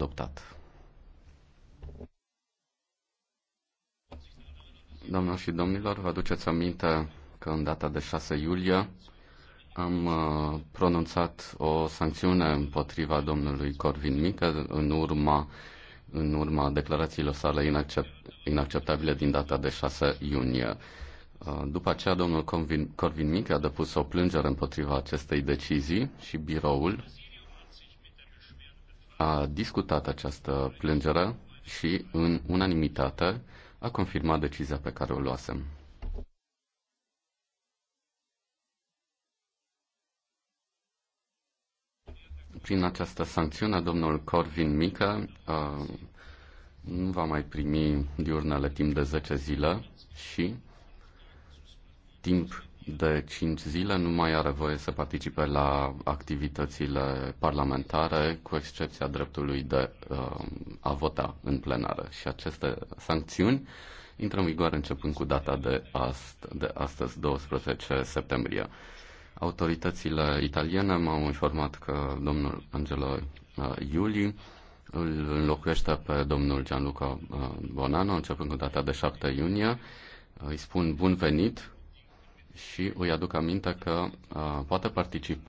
adoptat. Doamnelor și domnilor, vă aduceți aminte că în data de 6 iulie am uh, pronunțat o sancțiune împotriva domnului Corvin Mică în urma, în urma declarațiilor sale inaccept, inacceptabile din data de 6 iunie. Uh, după aceea, domnul Corvin Mică a depus o plângere împotriva acestei decizii și biroul a discutat această plângere și, în unanimitate, a confirmat decizia pe care o luasem. Prin această sancțiune, domnul Corvin Mică uh, nu va mai primi diurnele timp de 10 zile și timp de 5 zile nu mai are voie să participe la activitățile parlamentare, cu excepția dreptului de uh, a vota în plenară. Și aceste sancțiuni intră în vigoare începând cu data de, ast- de astăzi, 12 septembrie. Autoritățile italiene m-au informat că domnul Angelo uh, Iuli îl înlocuiește pe domnul Gianluca uh, Bonanno începând cu data de 7 iunie. Îi spun bun venit și îi aduc aminte că uh, poate participa